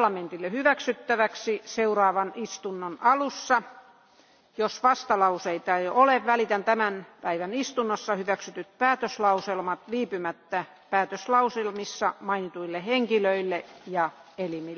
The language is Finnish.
parlamentille hyväksyttäväksi seuraavan istunnon alussa. jos vastalauseita ei ole välitän tämän päivän istunnossa hyväksytyt päätöslauselmat viipymättä päätöslauselmissa mainituille henkilöille ja elimille.